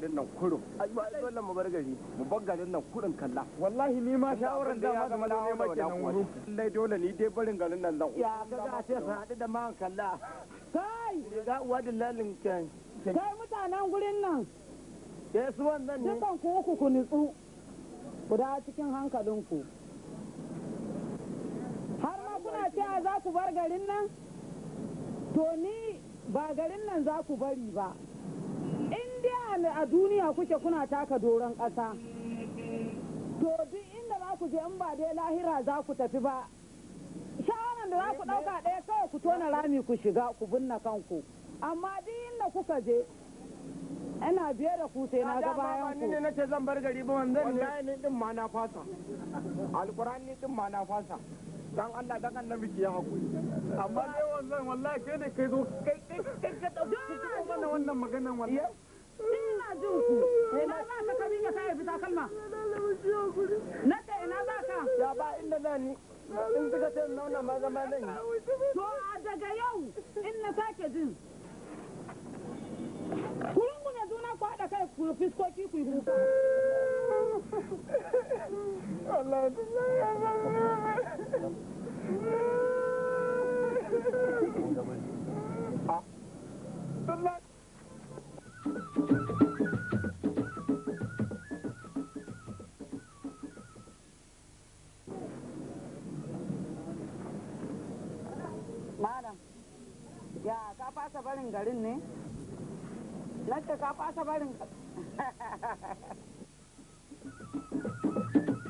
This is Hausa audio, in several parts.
garin nan kurin dole mu bar gari mu bar garin nan kurin kalla wallahi ni ma shawaran da ya zama na nema kenan wuri lai dole ni dai barin garin nan lan ya ga ga sai sa hadu da man kalla kai ga uwa da lalin kan kai mutanen gurin nan ya su wannan ne dukan ku uku ku nitsu guda cikin hankalinku har ma kuna cewa za ku bar garin nan to ni ba garin nan za ku bari ba a duniya kuke kuna taka doron ƙasa to duk inda za ku je in ba dai lahira za ku tafi ba shawaran da za ku ɗauka ɗaya kawai ku tona rami ku shiga ku binna kanku amma duk inda kuka je ina biye da ku sai na ga bayan ku. ne nace zan bar gari ba wanda ne. Wallahi ni din ma na fasa. Alquran ni din ma na fasa. Dan Allah dan annabi ki ya hakuri. Amma dai wannan wallahi kai ne kai zo kai kai kai ka dauki wannan wannan maganan wallahi. ina jin ku ina za ka kabin ya kai fita kalma na ce ina za ka ya ba inda na ni in suka ce nauna ma zama zan yi to a daga yau in na sake jin kurun ku ne juna ku haɗa kai ku fiskoki ku yi kuka Allah ya fasa barin garin ne?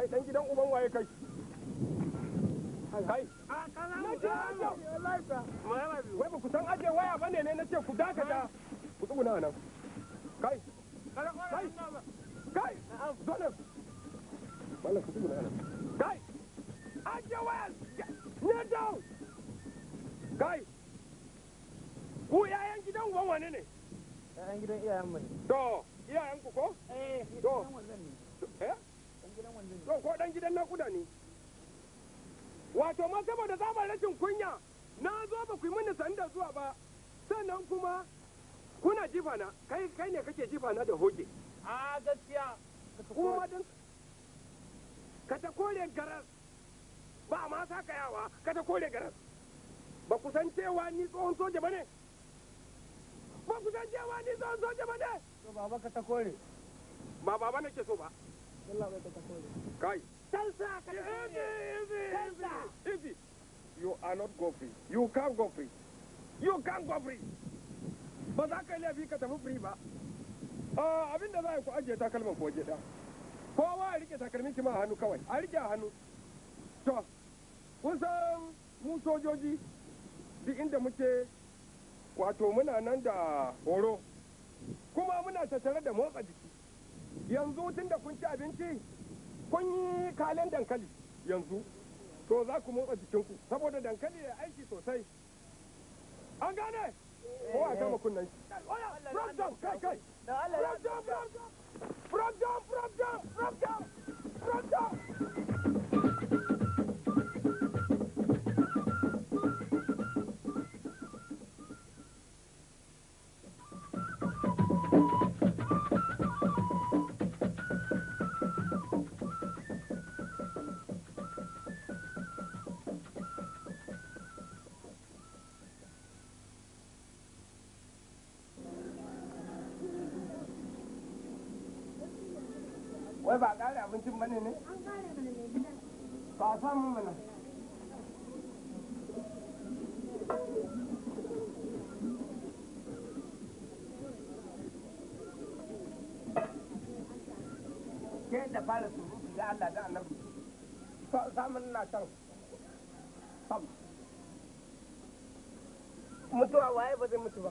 kai dan gidan uban waye kai kai wai ba ku san aje waya ba ne na ce ku dakata ku tsuguna nan kai kai kai zo malam ku tsuguna nan kai aje waya ne down kai ku yayan gidan uban wane ne yayan gidan iyayen mu to iyayen ku ko eh to eh to ko dan gidan nakuda ne wato ma saboda zaman rashin kunya na zo ba ku yi mini sanda zuwa ba sannan kuma kuna jifana kai kai ne kake jifana da hoke a gaskiya kuma dan ka ta kore garas ba ma sa kayawa ka ta kore garas ba ku san cewa ni tsohon soja bane ba ku san cewa ni tsohon soja bane to baba ka ta kore ba baba nake so ba Kai. Salsa, Easy, easy, easy. You are not go free. You can't go free. You can't uh, go free. Ba za ka laifi ka tafi free ba. Abin da za ku ajiye takalman ku waje ɗaya. Kowa a rike takalmin shi ma a hannu kawai. A rike a hannu. To, kun san mu sojoji duk inda muke wato muna nan da horo. Kuma muna tattare da motsa jiki. yanzu tun da kun ci abinci kun yi kalen dankali yanzu to za ku motsa jikinku saboda dankali ya aiki sosai an gane ko a kama kunnan shi frog jump kai kai frog jump frog abincin bane ne? Ba a samu mana. Ke da fara surutu da Allah da annabi. Samun na can. Sam. Mutuwa waye ba zai mutu ba.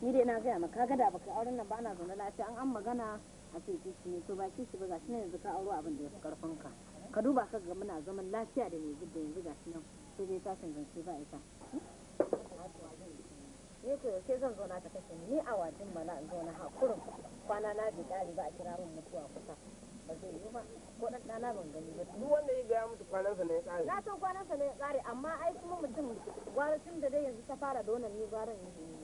ni dai na gaya maka ga da baka auren nan ba ana zaune lafiya an an magana a ce kishi ne to ba kishi ba gashi nan yanzu ka auro abin da ya fi karfin ka ka duba ka ga muna zaman lafiya da ne da yanzu gashi nan sai dai tashin zance ba ita ne hmm? eh to yaushe zan zauna ta kashe ni a wajen mana in zauna hakurin kwana na bi kari ba a kira min mutuwa kusa ba zai yi ba ko dan dana ban gani ba duk wanda ya ga mutu sa ne ya kare na san sa ne ya kare amma ai kuma mutum gwara tun da dai yanzu ta fara donan ni gwaran ne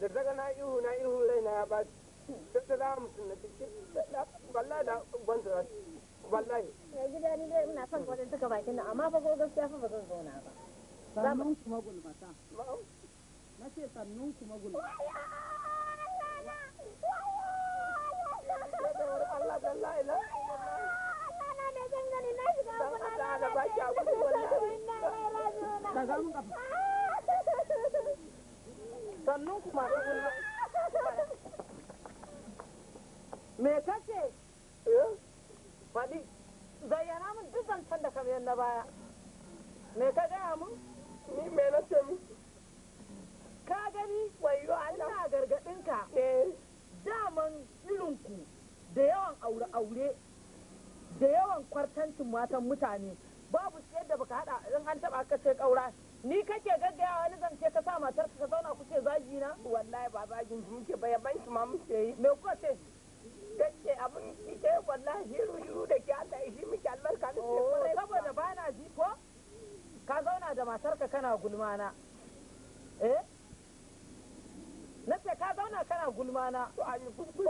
da daga na ihu na ihu na ya ba da ta za mu sunna ta da gwanta za wallahi ya gida ni dai ina son gwada duka bakin nan amma ba ko gaskiya fa ba zan zauna ba sannun kuma gulmata na ce sannun kuma gulmata Allah Allah Allah Allah Allah na da Allah na Allah Allah Allah Allah Allah Allah Allah Allah sannan kuma me kace eh? faɗi zayyana min duk zancen da kamar na baya me ka gaya mun ni me na ce mu ka gani wayo Allah gargadin ka eh. daman irinku da yawan aure aure da yawan kwartancin matan mutane babu yadda baka hada in an taba ka ce kaura ni kake gaggaya wani zance ka sa matar ka zauna kuke zagi na wallahi ba zagin muke ba yaban ki ma muke yi me ko ce kake abin ita ya wallahi hiru hiru da ke Allah ya shi miki albarka ne oh, saboda ba na ji ko ka zauna da matar ka kana gulma na eh na ce ka zauna kana gulma na tsohon su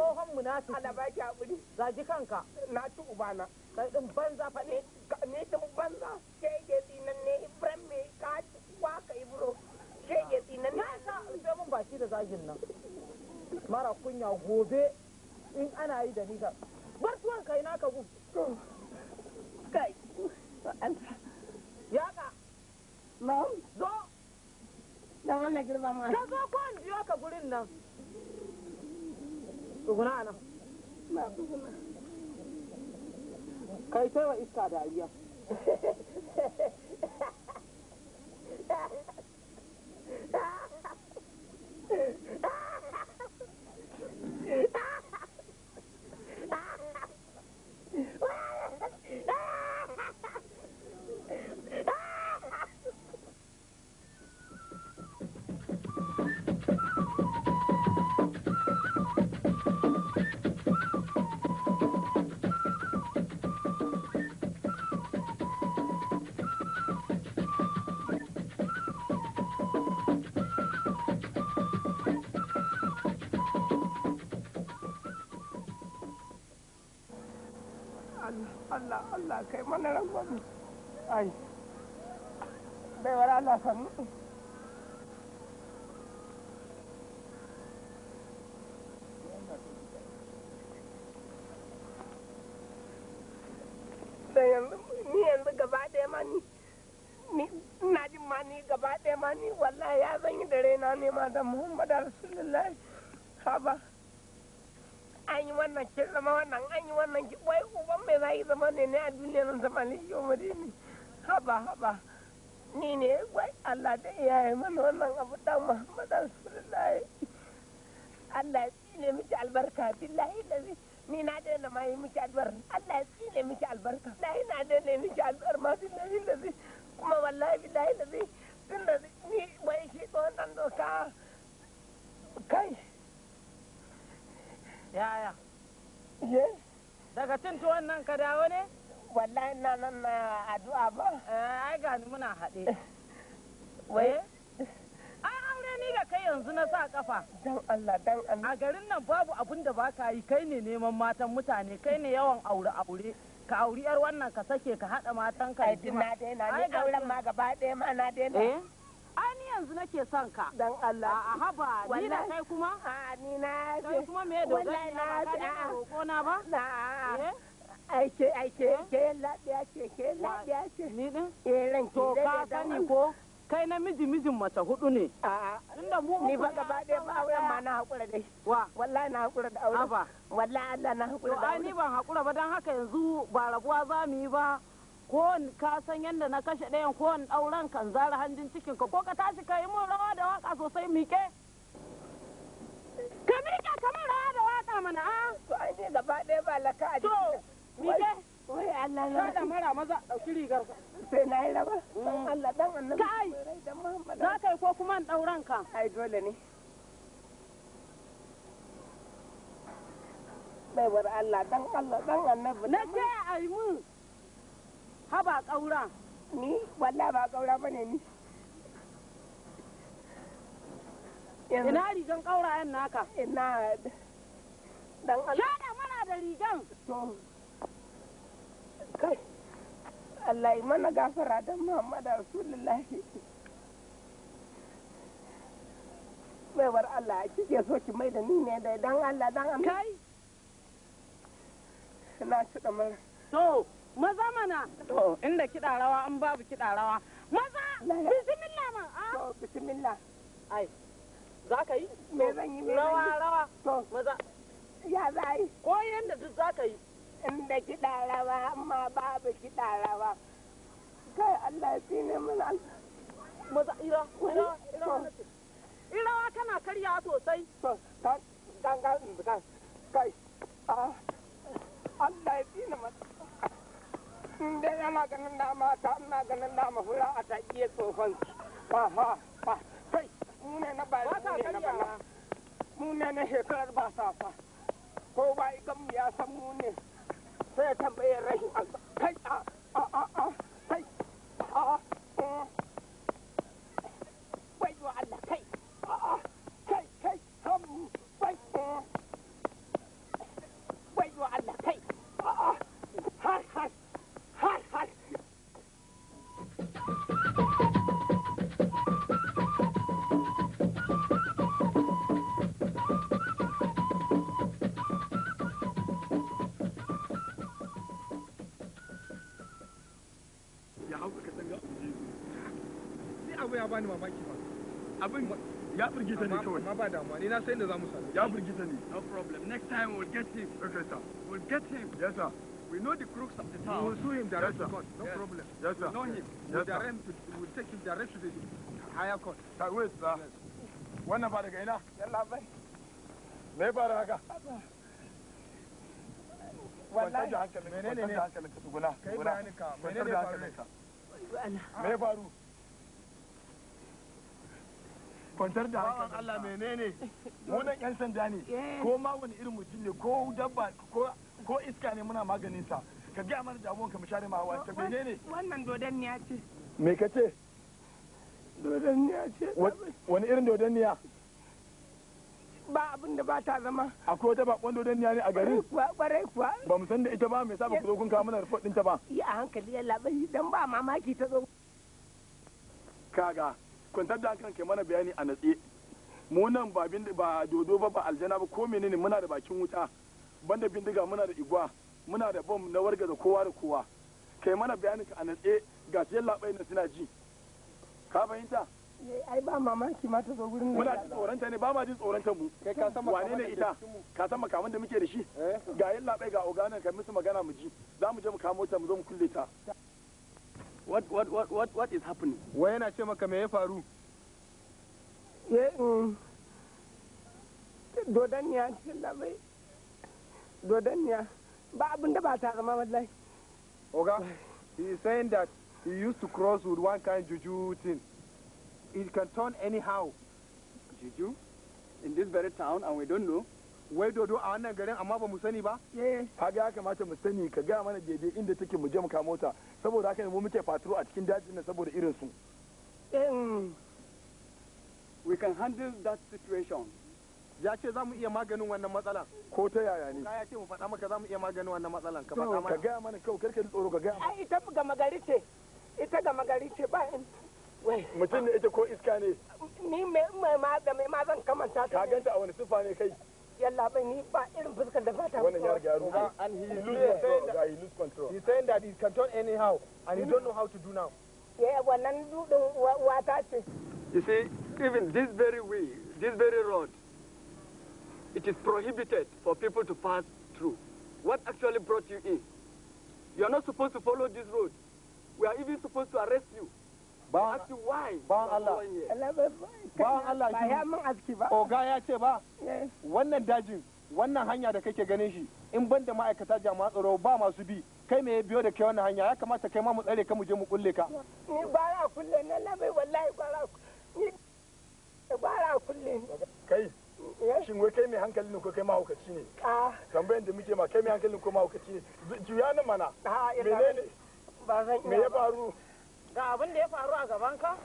Allah ba ki hakuri zagi kanka na ci ubana kai din banza fa ne ne din banza ke ke din shege tsinan na sa min baki da zagin nan mara kunya gobe in ana yi da ni ka bar tuwon kai na ka kai ya ka ma'am zo wannan girma ma ka zo ko biyo ka gurin nan tsuguna nan kai iska dariya ai baiwar Allah sannu ni yanzu gaba ɗaya ma ni ina jin ma ni gaba ɗaya ma ni wallahi ya zan yi da raina ne ma da muhammadu rasulullahi haba yi wannan kin zama wannan an yi wannan ki wai uban mai za yi zama ne ne a duniya nan zama ne yau ne haba haba ni ne wai Allah da iyaye mana wannan abu da Muhammad Rasulullahi Allah ya tsine miki albarka billahi da ni na da na mai miki albar Allah ya tsine miki albarka lahi na da ne miki albar ma billahi da kuma wallahi billahi da tunda ni wai shi nan doka kai yaya ye daga cin tuwon nan ka dawo ne wallahi na nan na addu'a ba eh, ai ga muna haɗe waye eh? ai aure ni ga kai yanzu na sa kafa dan Allah dan Allah a garin nan babu abin da baka yi kai ne neman matan mutane kai ne yawan aure aure ka auri yar wannan ka sake ka haɗa matan ka ai na daina ni auren ma gaba ɗaya ma na daina eh? Ani yanzu nake son ka. Dan Allah. A haba ni na kai kuma? A ni na Kai kuma me dogari na ba ka roƙo na ba? Na. Eh? Aike aike eh? ke lafiya ce ke lafiya ce. Ni din? Eh ran ke da sani ko? kai miji miji mace hudu ne. Tunda mu ni ba gaba ɗaya ba auren ma na haƙura dai. Wa wallahi na haƙura da aure. Aba wallahi Allah na haƙura da aure. Ni ban haƙura ba don haka yanzu ba rabuwa za mu yi ba. ko ka san yadda na kashe ɗayan ko in ɗauran kan zara hanjin cikin ka ko ka tashi ka yi mun rawa da waka sosai mike ka ka mun rawa da waka mana a to ai ce gaba ɗaya ba laka a jikin mike wai Allah na da mara maza ɗauki rigar sai na yi raba mm. Allah dan annabi kai za ka yi ko kuma in ɗauran ka ai dole ne baiwar Allah dan Allah dan annabi na ce a yi mun haba kaura ni wallah ba ƙaura ba ne ni ina rigan ƙaura yan naka ina dan Allah shaɗa mana da rigan to kai Allah yi mana gafara don Muhammadu Rasulullahi baiwar Allah ya kike so ki mai da ni ne da dan Allah dan Allah kai na shi mara to maza mana inda kiɗa rawa an babu kiɗa rawa maza bismillah ma a ah. bismillah ai za ka yi me zan yi rawa rawa to maza ya za yi ko yanda duk za ka yi inda kiɗa rawa amma babu kiɗa rawa kai Allah shi ne mana maza ira ira ira irawa kana karya sosai to kan kan kai ah, Allah shi ne mana inda yana ganin dama ta ina ganin dama fura a ta iya tsofan ba fa fa kai mu ne na ba mu na bana mu ne na shekarar ba sa fa ko ba ikan ya san mu ne sai tambayar rashin kai a a a firgita ne kawai amma ba damuwa ni na san inda zamu same ya firgita ne no problem next time we'll get him okay sir we'll get him yes sir We know the crooks of the town. We will sue him direct yes, to court. No yes. problem. Yes, sir. We know him. Yes, we'll, sir. To, we'll take him direct to the higher court. Sir, wait, sir. Yes. Wannan ba daga ina? Yalla bai. Me ba da haka? Wallahi. Menene ne? Menene ne? Kai bayanin ka. Menene ne faru? Me faru? kwantar da hankali Allah menene mu nan yan sanda ne ko ma wani irin mutum ne ko dabba ko ko iska ne muna maganin sa ka ga mana damuwan ka mu share ma wata menene wannan dodan ne ce me kace dodan ne ce wani irin dodan ne ba abin da ba ta zama akwai wata bakon dodan ne a garin kuwa kwarai kuwa ba mu san da ita ba me sa ba ku zo kun kawo mana report din ta ba yi a hankali yalla bai dan ba mamaki ta zo kaga kwantar da kai mana bayani a natse mu nan ba ba dodo ba ba aljana ba ko menene muna da bakin wuta banda bindiga muna da igwa muna da bom na wargaza kowa da kowa kai mana bayani ka a natse ga su labai na suna ji ka fahimta eh, ai ba mamaki ma ta zo gurin nan muna ji tsoronta ne ba ma ji tsoronta mu kai ka san wane ne ita ka san makaman da muke da shi eh. ga yin labai ga oganan kai musu magana mu ji za mu je mu kamo ta mu zo mu kulle ta What, what, what, what, what is happening? Wai yana ce maka me ya faru? Ye, mm. dodon ya ce labai. Dodon ya. Ba abin da ba ta zama wallahi. Oga, he is saying that he used to cross with one kind juju thing. It can turn anyhow. Juju? In this very town and we don't know? wai dodo a wannan garin amma ba mu sani ba eh. ka ga ya kamata mu sani ka ga mana daidai inda take mu je mu kamo ta saboda haka ne mu muke fatiro a cikin dajin nan saboda irin su eh, mm. we can handle that situation ya ce za mu iya maganin wannan matsalan ko ta yaya ne ya ce mu faɗa maka za mu iya maganin wannan matsalan ka faɗa mana ka gaya mana kawai karka tsoro ka gaya ai ita ga magari ce ita ga magari ce ba mutum ne ita ko iska ne ni mai ma ma zan kamanta ta ka ganta a wani sufa ne kai yalla bai ni ba ah, and he lose control he lose he's saying that he can turn anyhow and he hmm? don't know how to do now yeah you see even this very way this very road it is prohibited for people to pass through what actually brought you in you are not supposed to follow this road we are even supposed to arrest you ba Allah ba Allah shi ya min aski ba oga ya ce ba wannan dajin wannan hanya da kake ganin shi in ban da ma'aikata jami'an tsaro ba masu bi kai me biyo da kai wannan hanya ya kamata kai ma mu tsare ka mu je mu kulle ka ni ba ra kulle na bai wallahi ba ra ni ba ra kulle kai shin wai kai mai hankali ne ko kai mahaukaci ne ah. tambayan da muke ma kai mai hankali ko mahaukaci ne juya na mana ah, menene me ya faru ga abin da ya faru a gabanka?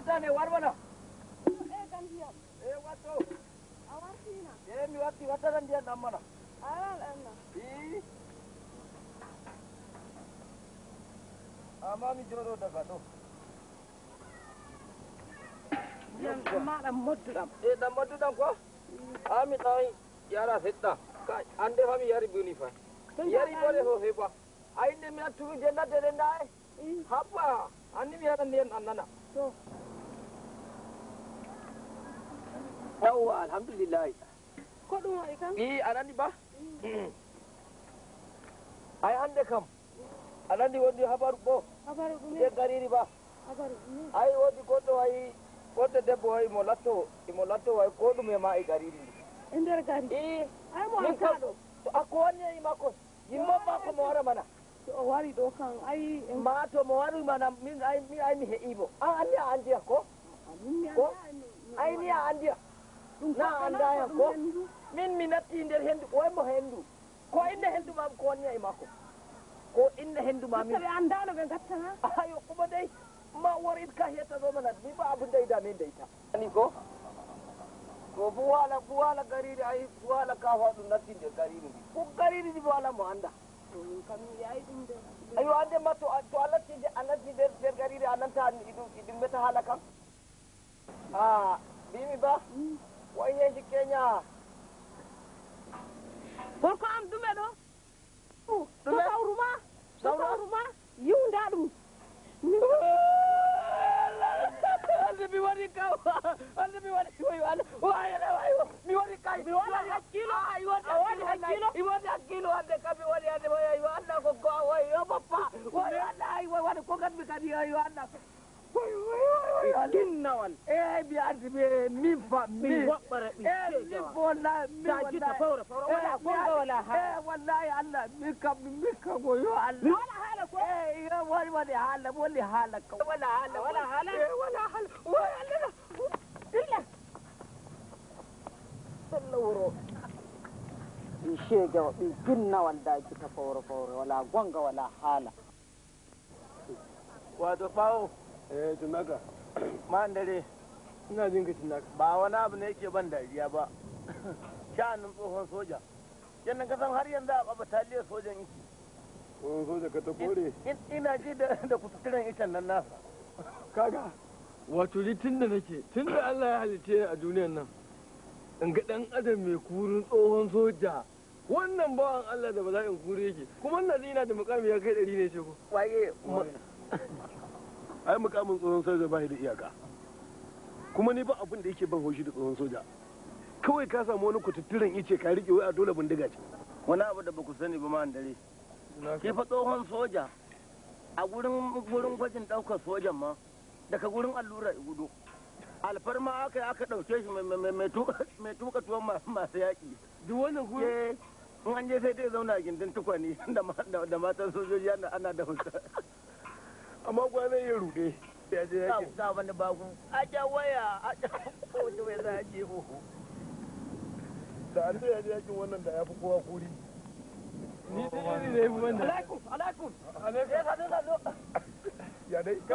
Katane, warwana. Egan hiyam. E wato. Awartina. E mi wati wataran dia namana. Aral anna. I. Amami joro daga to. Yan ma da maduram. E da maduram ko? Ami tai yara setta. Kai ande fami yari buni fa. Yari bole ho hepa. Ainde mi atu jenda terenda ai. Hapa. Ani mi yara nien annana. To. yawwa alhamdulillah kudin wa ikan eh anandi ba ai hande kam a wodi habaru wani habaru ko e gariri ba habaru dum ai wodi goto wai goto debbo wai mo latto mo latto wai ko dum e ma e gariri e nder gari eh ai mo hankado to akko wonni e makko yimmo makko mo wara mana to o wari ɗo kan ai e ma to mo wari mana min ai mi heɓibo an anndi a anndiya ko ko ai ni an anndiya na ya ko min mi natti nder hendu ɓoymo hendu ko inna hendu mam ko wonni e ko inna hendu ma min ɓe andano ɓe gattana a yokkuma dey ma wor it ka hettanooma nat mi ba abu deyda min deyta ani ko ko bo waala bo waala gariri ay bo waala ka fa ɗum natti nder gariri ko gariri ndi bo mo anda ayo ande ma to to alattide alatti nder nder gariri a nanta iɗum iɗum meta haala kam hmm. a ah, mbimi ba hmm. wayeji kenya gorko am ɗume ɗo to sawru ma to sawru ma yiwnda kau, ande mi waɗi kau, ande mi waɗi wayo ya, ya, kan mi waɗi kay mi waɗi hakkilo a waɗi hakkilo i waɗi hakkilo hande kam mi waɗi hande yo anda ko go yo bappa yo anda waɗi ko gatmi kadi yo anda kinnawan eh biyar be min fa min wabbara bi eh min bolla min wala fawra fawra wala gonga wala ha eh wallahi allah mi kam mi ka go yo allah wala hala ko eh yo wali wali hala wali hala ka wala hala wala hala eh wala hala wala hala illa sallawro in shega wa in kinna wanda ki ta fawra fawra wala gonga wala hala wato bawo eh tunaka ma'an dare ina jin ka tunaka ba wani abu ne yake ban dariya ba sha'anin tsohon soja yannan ka san har yanzu a bataliyar sojan yake tsohon soja ka ta kore ina ji da kusurin itan nan nasa kaga wato ni tun da nake tun da Allah ya halitta a duniyar nan in ga dan adam mai kurin tsohon soja wannan bawan Allah da bala'in kure yake kuma na da mukami ya kai ɗari ne ce ko waye ai mukamin tsohon soja ba da iyaka kuma ni ba abin da yake ban hoshi da tsohon soja kawai ka samu wani kututturen ice ka rike wai a dole bindiga ce wani abu da baku sani ba ma dare ke fa tsohon soja a gurin gurin gwajin daukar sojan ma daga gurin allura gudu alfarma aka aka dauke shi mai tuka tuwon masu yaƙi duk wannan gurin eh, in an je sai dai zauna gindin tukwani da matan sojoji ana da hutu amma gwana ya rude ya je ya a waya a mai za da an ya je wannan da ya fi kowa kuri ni ne ya alaikum alaikum ya dai ka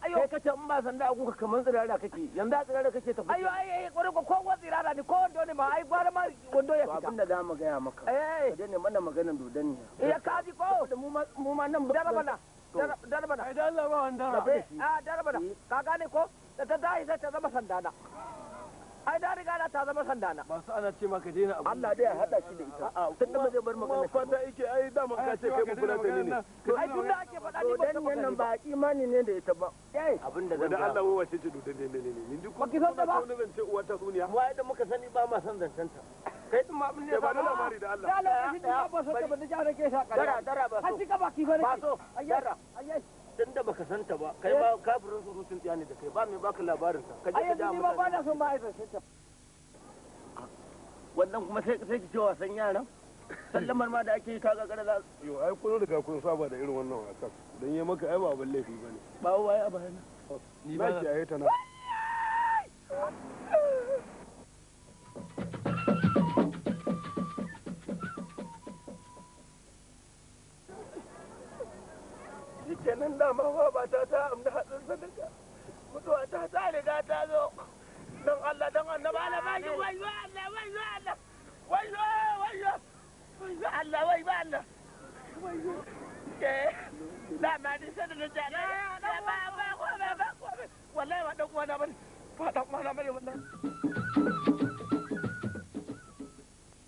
ayo kace in ba sanda a ka kaman tsirara kake yanzu a tsirara kake tafi ayo ai ai ko ko ko tsirara ne ko wando ne ma ai gwara ma wando ya fita abinda zamu ga ya maka eh, eh. ka dane mana maganar dodon ne ya eh, kaji ko mu ma mu ma nan ba bana dara bana ai da Allah ba wanda a dara eh, ah, bana ka gane ko ta ta dai ta zama sandana ai da riga da ta zama sanda na masu ana ce maka je na abu Allah dai ya hada shi da ita tun tunda ba zai bar magana fata yake ai da mun ka ce kai mun kula da ni ne ai tunda ake fada ni ba dan nan ba imani ne da ita ba eh abin da zan da Allah wai wace ce dudan ne ne ne ni duk ko ki san ba wani zance uwar ta suniya mu ai da muka sani ba ma san zancan ta kai din ma abin ne ba da labari da Allah da Allah ya ba so ta ba da jare ke sha shakara dara dara ba so har ka ki ba ne ba so ayyara ayyai dan da baka santa ba kai eh. ba kafirin surutun sun ne da kai ba mai baka labarin sa kaje ka da ba ba da son ba aibacin ta ah, wannan kuma sai sai ki ce wasan yaran sallamar ma da ake yi kaga kada za yo ai kun riga kun saba da irin wannan wasan dan yayi maka ai ba abin bane ba wai a bayana oh, ni ba ki ayyata na dama ma ba ta ta amna hadin sadaka mutuwa ta ta riga ta zo dan Allah dan Allah ba wai wai Allah wai wai Allah wai wai wai wai Allah wai wai Allah wai wai eh, ni ta ba ba ko ba ba ko wallahi wa dan ba dan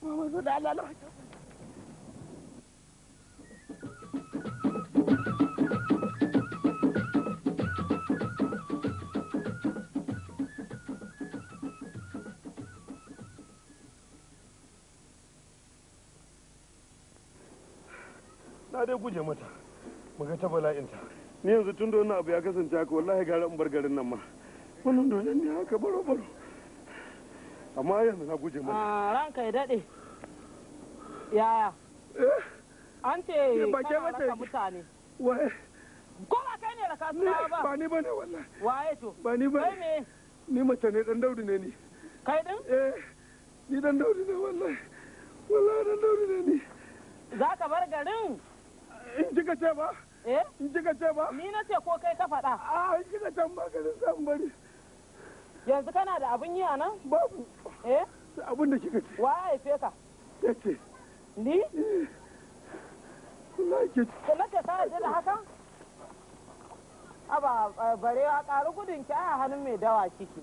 Mama zo da Allah lafiya dai guje mata mu ga ta ni yanzu tun da wani abu ya kasance haka wallahi gara in bar garin nan ma wannan dolen ne haka baro baro amma yanzu na guje mata a ah, ranka ya dade yaya eh? an ce kana mata mutane waye ko ba kai ne da ka suna ba ba ni bane wallahi waye to ba ni bane kai ne ni mace ne dan daudi ne ni kai din eh ni dan daudi ne wallahi wallahi dan daudi ne ni za ka bar garin in ji ce ba eh? in ji ce ba ni na ce ko kai ka faɗa a ah, in ji ce ba ka san bari yanzu kana da abin yi a nan babu eh abin da kika ce wa ya haife ka ce. ni kula eh. ke kula ke ta da haka aba eh, bare a ƙari gudun ki a hannun mai dawa kiki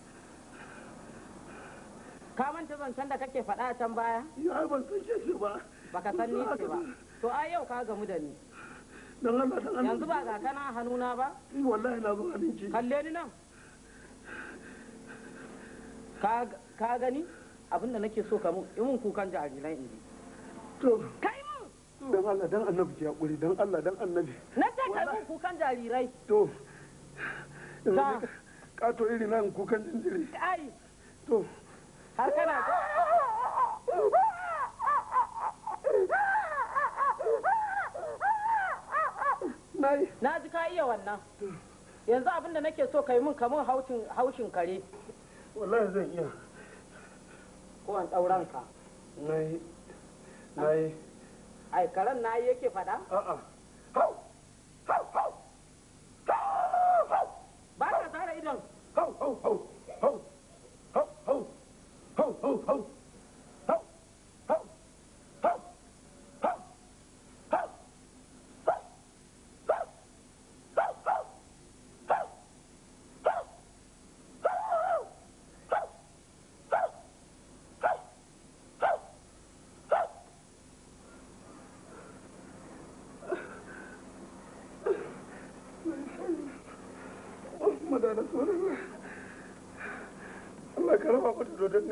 ka manta zancen da kake faɗa a can baya ya ban san shi ba baka san ni ce ba to a yau ka gamu da ni dan Allah dan Allah yanzu ba ga kana hannuna ba wallahi na zo abinci kalle ni nan ka ka gani abinda nake so kamu mun in mun kukan jarirai in to kai mu dan Allah dan annabi ki hakuri dan Allah dan annabi na ce kai mun kukan jarirai to ka to iri nan kukan jinjiri ai to har kana na ji ka iya wannan yanzu abinda nake so ka yi min kamar haushin kare ko an ɗauran ka na yi yake faɗa a'a hau hau ho, ho. Madonna, what is it? karfa mata dodon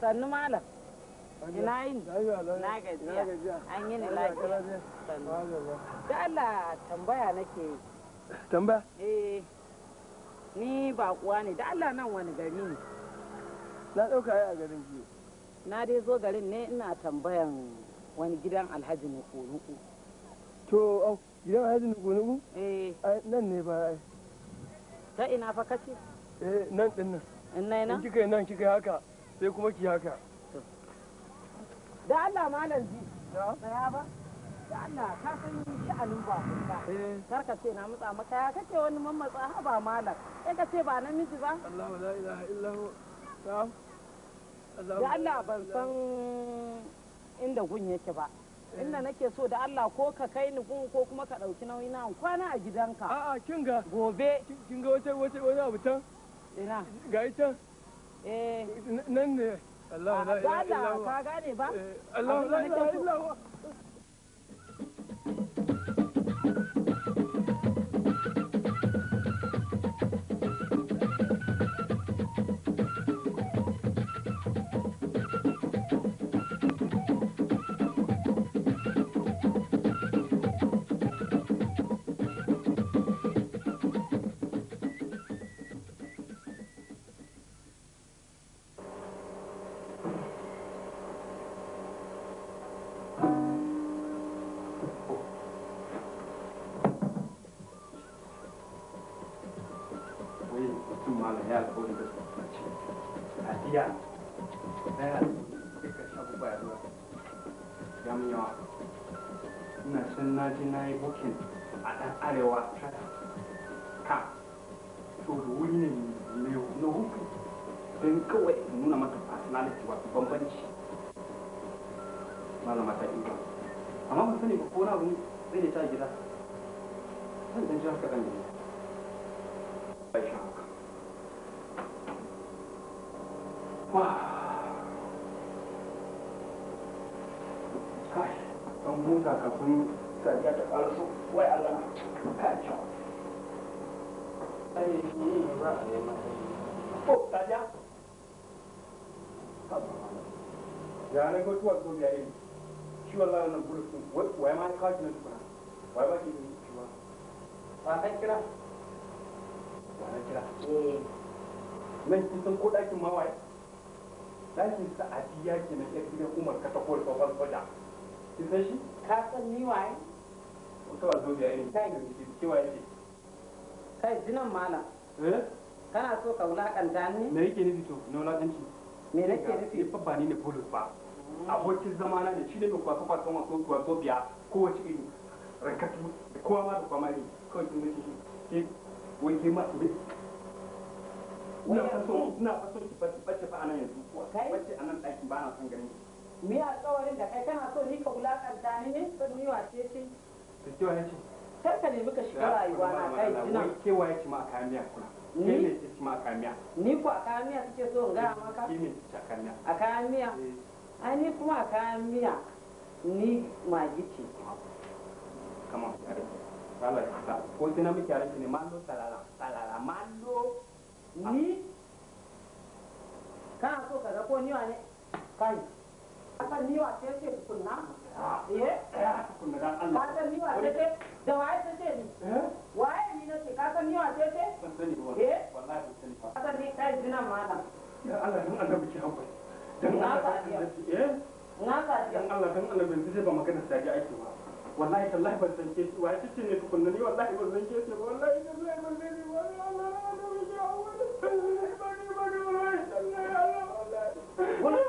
sannu malam ina yin na gajiya an yi ni lafiya da Allah tambaya nake tambaya eh ni bakuwa ne da Allah nan wani gari ne na ɗauka a garin biyu na dai zo garin ne ina tambayan wani gidan alhaji na kunuku to gidan alhaji na kunuku eh nan ne ba ta ina fa kace eh nan din nan in nan? nan kika nan kika haka sai kuma ki haka da Allah malam ji ya ba da Allah ka san sha'anin ba ka eh. kar ka ce na mutsa maka ya kace wani mammatsa ha ba malam sai ka ce ba namiji ba da Allah ban san inda gun yake ba eh. inda nake so da Allah ko ka kai ni gun ko kuma ka dauki nauyi na kwana a gidanka a'a kin ga gobe kin ga wata wani abu ina ga ita eh nan ne Allah eh. la ka Allah la ilaha Thank you. akwai sadiya ta ƙarsu wai allah ka ci ai yi ba a neman ko sadiya ya ne ko tuwa gobe yayin shi wallahi wannan bulletin wai ma ka na tukuna wai ba ki yi ciwa ba na kira ba na kira eh. nan kin san ko ɗakin mawaye ɗakin sa'adiyya ke na ƴar gidan umar katakol tsohon soja kin san shi ka san ni waye wata ba zobe ai kai ki waye ce kai jinan malam eh kana so ka wulakanta ni me yake nufi to na wulakanci me nake nufi fa ba ni ne bulus ba abokin zamana ne? shi ne ko mai kwaso kwaso maso kwaso biya Ko kowace iri rankatu da kowa ma da kwamari Ko kin nufi shi ke wai ke ma ne ina faso ina faso ki bace bace fa anan yanzu Kai? bace anan ɗakin ba na son ganin me alƙawarin da kai kana so ni ka wulakanta ni ne ko ni wace ce to kewa yace kar ka nemi ka shiga rayuwa na kai ina kewa yace ma kayan miya kuna ni ne ce ma kayan miya ni ko a kayan miya kike so in ga maka ni ne ce kayan miya a kayan miya eh. ai ni kuma a kayan miya ni magi ce kama salala ko tana miki yaran ne mallo salala salala mallo ni kana so ka ga ko ni wane kai san ni wace ce tukunna eh tukunna dan Allah ka san ni ce da waye ta ce ni waye ni na ce ka san ni ce ban sani ba eh wallahi ban sani ba ka san ni kai jina malam ya Allah dan Allah biki dan Allah eh na ka ji dan Allah dan Allah ban ba magana ta ji aiki ba wallahi tallahi ban san ke waye ce ne tukunna ni wallahi ban san ke ce wallahi tallahi ban sani ba Allah Allah biki hakuri wallahi wallahi